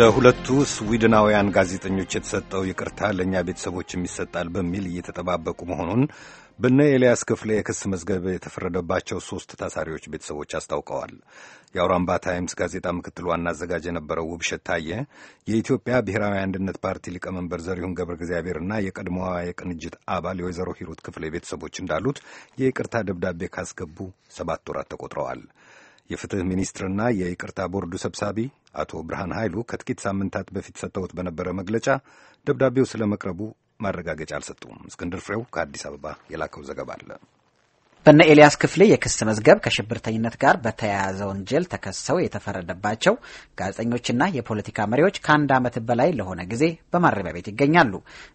ለሁለቱ ስዊድናውያን ጋዜጠኞች የተሰጠው ይቅርታ ለእኛ ቤተሰቦች ይሰጣል በሚል እየተጠባበቁ መሆኑን በነ ኤልያስ ክፍለ የክስ መዝገብ የተፈረደባቸው ሦስት ታሳሪዎች ቤተሰቦች አስታውቀዋል። የአውራምባ ታይምስ ጋዜጣ ምክትል ዋና አዘጋጅ የነበረው ውብሸት ታየ የኢትዮጵያ ብሔራዊ አንድነት ፓርቲ ሊቀመንበር ዘሪሁን ገብረ እግዚአብሔርና የቀድሞዋ የቅንጅት አባል የወይዘሮ ሂሩት ክፍለ ቤተሰቦች እንዳሉት የይቅርታ ደብዳቤ ካስገቡ ሰባት ወራት ተቆጥረዋል። የፍትህ ሚኒስትርና የይቅርታ ቦርዱ ሰብሳቢ አቶ ብርሃን ኃይሉ ከጥቂት ሳምንታት በፊት ሰጥተውት በነበረ መግለጫ ደብዳቤው ስለ መቅረቡ ማረጋገጫ አልሰጡም። እስክንድር ፍሬው ከአዲስ አበባ የላከው ዘገባ አለ። በነ ኤልያስ ክፍሌ የክስ መዝገብ ከሽብርተኝነት ጋር በተያያዘ ወንጀል ተከሰው የተፈረደባቸው ጋዜጠኞችና የፖለቲካ መሪዎች ከአንድ ዓመት በላይ ለሆነ ጊዜ በማረሚያ ቤት ይገኛሉ።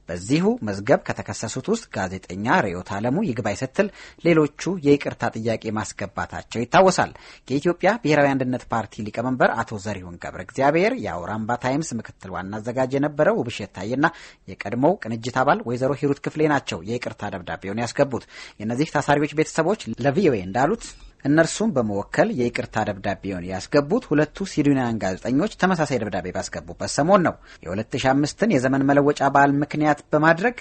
በዚሁ መዝገብ ከተከሰሱት ውስጥ ጋዜጠኛ ርዕዮት ዓለሙ ይግባኝ ስትል ሌሎቹ የይቅርታ ጥያቄ ማስገባታቸው ይታወሳል። የኢትዮጵያ ብሔራዊ አንድነት ፓርቲ ሊቀመንበር አቶ ዘሪሁን ገብረ እግዚአብሔር፣ የአውራምባ ታይምስ ምክትል ዋና አዘጋጅ የነበረው ውብሸት ታዬና የቀድሞው ቅንጅት አባል ወይዘሮ ሂሩት ክፍሌ ናቸው የይቅርታ ደብዳቤውን ያስገቡት የእነዚህ ታሳሪዎች ቤተሰብ ቤተሰቦች ለቪኦኤ እንዳሉት እነርሱም በመወከል የይቅርታ ደብዳቤውን ያስገቡት ሁለቱ ሲዱናውያን ጋዜጠኞች ተመሳሳይ ደብዳቤ ባስገቡበት ሰሞን ነው። የ2005ን የዘመን መለወጫ በዓል ምክንያት በማድረግ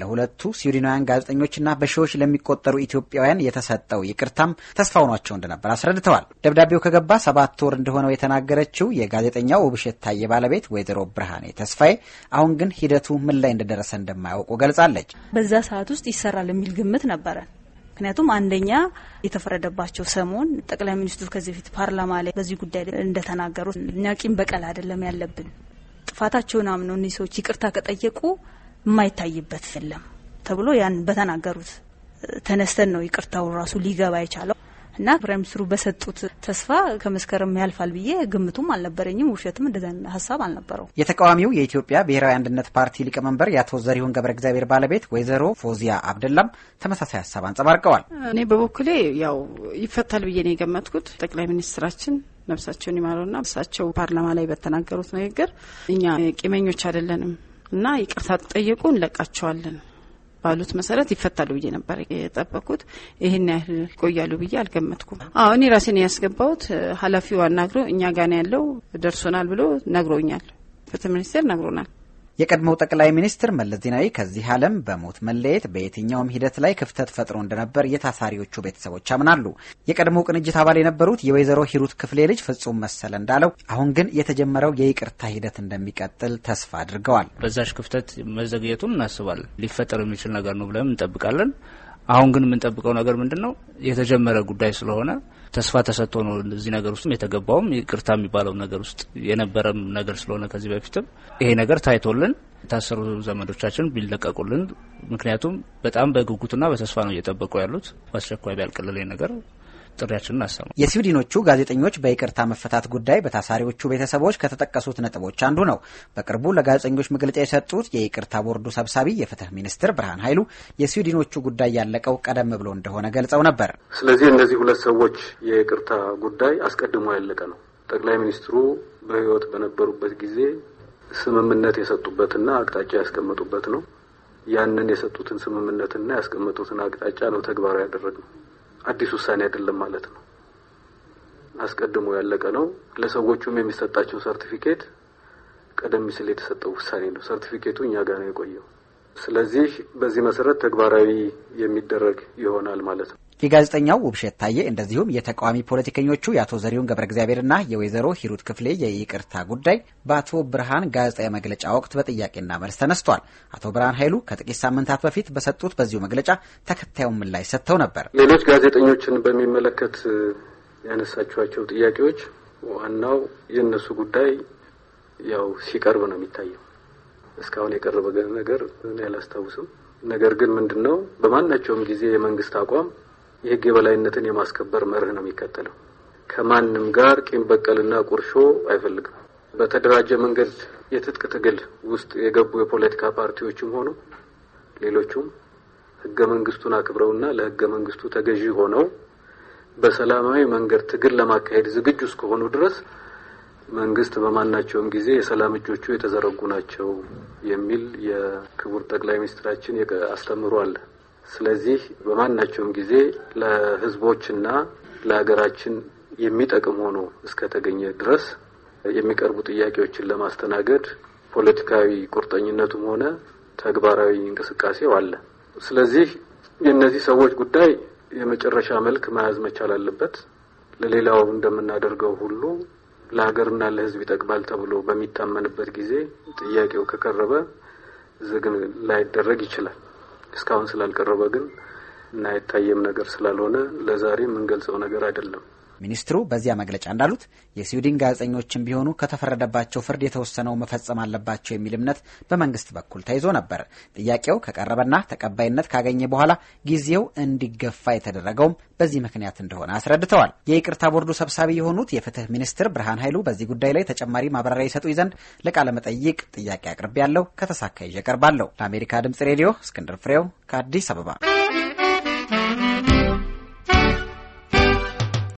ለሁለቱ ሲዱናውያን ጋዜጠኞችና በሺዎች ለሚቆጠሩ ኢትዮጵያውያን የተሰጠው ይቅርታም ተስፋ ሆኗቸው እንደነበር አስረድተዋል። ደብዳቤው ከገባ ሰባት ወር እንደሆነው የተናገረችው የጋዜጠኛው ውብሸት ታየ ባለቤት ወይዘሮ ብርሃኔ ተስፋዬ አሁን ግን ሂደቱ ምን ላይ እንደደረሰ እንደማያውቁ ገልጻለች። በዛ ሰዓት ውስጥ ይሰራል የሚል ግምት ነበረ ምክንያቱም አንደኛ የተፈረደባቸው ሰሞን ጠቅላይ ሚኒስትሩ ከዚህ በፊት ፓርላማ ላይ በዚህ ጉዳይ እንደተናገሩት እኛ ቂም በቀል አይደለም ያለብን ጥፋታቸውን አምነው እኒህ ሰዎች ይቅርታ ከጠየቁ የማይታይበት የለም ተብሎ ያን በተናገሩት ተነስተን ነው ይቅርታውን ራሱ ሊገባ የቻለው። እና ፕራይም ሚኒስትሩ በሰጡት ተስፋ ከመስከረም ያልፋል ብዬ ግምቱም አልነበረኝም። ውሸትም እንደዛ ሀሳብ አልነበረው። የተቃዋሚው የኢትዮጵያ ብሔራዊ አንድነት ፓርቲ ሊቀመንበር የአቶ ዘሪሁን ገብረ እግዚአብሔር ባለቤት ወይዘሮ ፎዚያ አብደላም ተመሳሳይ ሀሳብ አንጸባርቀዋል። እኔ በበኩሌ ያው ይፈታል ብዬ ነው የገመትኩት ጠቅላይ ሚኒስትራችን ነፍሳቸውን ይማረውና እሳቸው ፓርላማ ላይ በተናገሩት ንግግር እኛ ቂመኞች አይደለንም እና ይቅርታ ጠየቁ እንለቃቸዋለን ባሉት መሰረት ይፈታሉ ብዬ ነበር የጠበቁት። ይህን ያህል ይቆያሉ ብዬ አልገመትኩም። አዎ እኔ ራሴን ያስገባሁት ኃላፊው አናግረው እኛ ጋና ያለው ደርሶናል ብሎ ነግሮኛል። ፍትህ ሚኒስቴር ነግሮናል። የቀድሞው ጠቅላይ ሚኒስትር መለስ ዜናዊ ከዚህ ዓለም በሞት መለየት በየትኛውም ሂደት ላይ ክፍተት ፈጥሮ እንደነበር የታሳሪዎቹ ቤተሰቦች ያምናሉ። የቀድሞው ቅንጅት አባል የነበሩት የወይዘሮ ሂሩት ክፍሌ ልጅ ፍጹም መሰለ እንዳለው አሁን ግን የተጀመረው የይቅርታ ሂደት እንደሚቀጥል ተስፋ አድርገዋል። በዛሽ ክፍተት መዘግየቱን እናስባለን። ሊፈጠር የሚችል ነገር ነው ብለን እንጠብቃለን። አሁን ግን የምንጠብቀው ነገር ምንድን ነው? የተጀመረ ጉዳይ ስለሆነ ተስፋ ተሰጥቶ ነው እዚህ ነገር ውስጥም የተገባውም ይቅርታ የሚባለው ነገር ውስጥ የነበረም ነገር ስለሆነ ከዚህ በፊትም ይሄ ነገር ታይቶልን የታሰሩ ዘመዶቻችን ቢለቀቁልን፣ ምክንያቱም በጣም በጉጉትና በተስፋ ነው እየጠበቁ ያሉት። በአስቸኳይ ቢያልቅልል ነገር ጥሪያችንን አሰሙ። የስዊድኖቹ ጋዜጠኞች በይቅርታ መፈታት ጉዳይ በታሳሪዎቹ ቤተሰቦች ከተጠቀሱት ነጥቦች አንዱ ነው። በቅርቡ ለጋዜጠኞች መግለጫ የሰጡት የይቅርታ ቦርዱ ሰብሳቢ የፍትህ ሚኒስትር ብርሃን ኃይሉ የስዊድኖቹ ጉዳይ ያለቀው ቀደም ብሎ እንደሆነ ገልጸው ነበር። ስለዚህ እነዚህ ሁለት ሰዎች የይቅርታ ጉዳይ አስቀድሞ ያለቀ ነው። ጠቅላይ ሚኒስትሩ በህይወት በነበሩበት ጊዜ ስምምነት የሰጡበትና አቅጣጫ ያስቀመጡበት ነው። ያንን የሰጡትን ስምምነትና ያስቀመጡትን አቅጣጫ ነው ተግባራዊ ያደረግነው። አዲስ ውሳኔ አይደለም ማለት ነው። አስቀድሞ ያለቀ ነው። ለሰዎቹም የሚሰጣቸው ሰርቲፊኬት ቀደም ሲል የተሰጠው ውሳኔ ነው። ሰርቲፊኬቱ እኛ ጋር ነው የቆየው። ስለዚህ በዚህ መሰረት ተግባራዊ የሚደረግ ይሆናል ማለት ነው። የጋዜጠኛው ውብሸት ታዬ እንደዚሁም የተቃዋሚ ፖለቲከኞቹ የአቶ ዘሪሁን ገብረ እግዚአብሔርና የወይዘሮ ሂሩት ክፍሌ የይቅርታ ጉዳይ በአቶ ብርሃን ጋዜጣዊ መግለጫ ወቅት በጥያቄና መልስ ተነስቷል። አቶ ብርሃን ኃይሉ ከጥቂት ሳምንታት በፊት በሰጡት በዚሁ መግለጫ ተከታዩን ምላሽ ሰጥተው ነበር። ሌሎች ጋዜጠኞችን በሚመለከት ያነሳችኋቸው ጥያቄዎች ዋናው የእነሱ ጉዳይ ያው ሲቀርብ ነው የሚታየው። እስካሁን የቀረበ ነገር እኔ ነገር ግን ምንድን ነው በማናቸውም ጊዜ የመንግስት አቋም የህግ የበላይነትን የማስከበር መርህ ነው የሚከተለው። ከማንም ጋር ቂም በቀልና ቁርሾ አይፈልግም። በተደራጀ መንገድ የትጥቅ ትግል ውስጥ የገቡ የፖለቲካ ፓርቲዎችም ሆኑ ሌሎቹም ህገ መንግስቱን አክብረውና ለህገ መንግስቱ ተገዢ ሆነው በሰላማዊ መንገድ ትግል ለማካሄድ ዝግጁ እስከሆኑ ድረስ መንግስት በማናቸውም ጊዜ የሰላም እጆቹ የተዘረጉ ናቸው የሚል የክቡር ጠቅላይ ሚኒስትራችን አስተምሮ አለ። ስለዚህ በማናቸውም ጊዜ ለህዝቦችና ለሀገራችን የሚጠቅም ሆኖ እስከተገኘ ድረስ የሚቀርቡ ጥያቄዎችን ለማስተናገድ ፖለቲካዊ ቁርጠኝነቱም ሆነ ተግባራዊ እንቅስቃሴው አለ። ስለዚህ የእነዚህ ሰዎች ጉዳይ የመጨረሻ መልክ መያዝ መቻል አለበት። ለሌላው እንደምናደርገው ሁሉ ለሀገርና ለህዝብ ይጠቅማል ተብሎ በሚታመንበት ጊዜ ጥያቄው ከቀረበ ዝግን ላይደረግ ይችላል። እስካሁን ስላልቀረበ ግን እና አይታየም ነገር ስላልሆነ ለዛሬ የምንገልጸው ነገር አይደለም። ሚኒስትሩ በዚያ መግለጫ እንዳሉት የስዊድን ጋዜጠኞችም ቢሆኑ ከተፈረደባቸው ፍርድ የተወሰነው መፈጸም አለባቸው የሚል እምነት በመንግስት በኩል ተይዞ ነበር። ጥያቄው ከቀረበና ተቀባይነት ካገኘ በኋላ ጊዜው እንዲገፋ የተደረገውም በዚህ ምክንያት እንደሆነ አስረድተዋል። የይቅርታ ቦርዱ ሰብሳቢ የሆኑት የፍትህ ሚኒስትር ብርሃን ኃይሉ በዚህ ጉዳይ ላይ ተጨማሪ ማብራሪያ ይሰጡኝ ዘንድ ለቃለመጠይቅ ጥያቄ አቅርቤ ያለው ከተሳካ ይዤ እቀርባለሁ። ለአሜሪካ ድምጽ ሬዲዮ እስክንድር ፍሬው ከአዲስ አበባ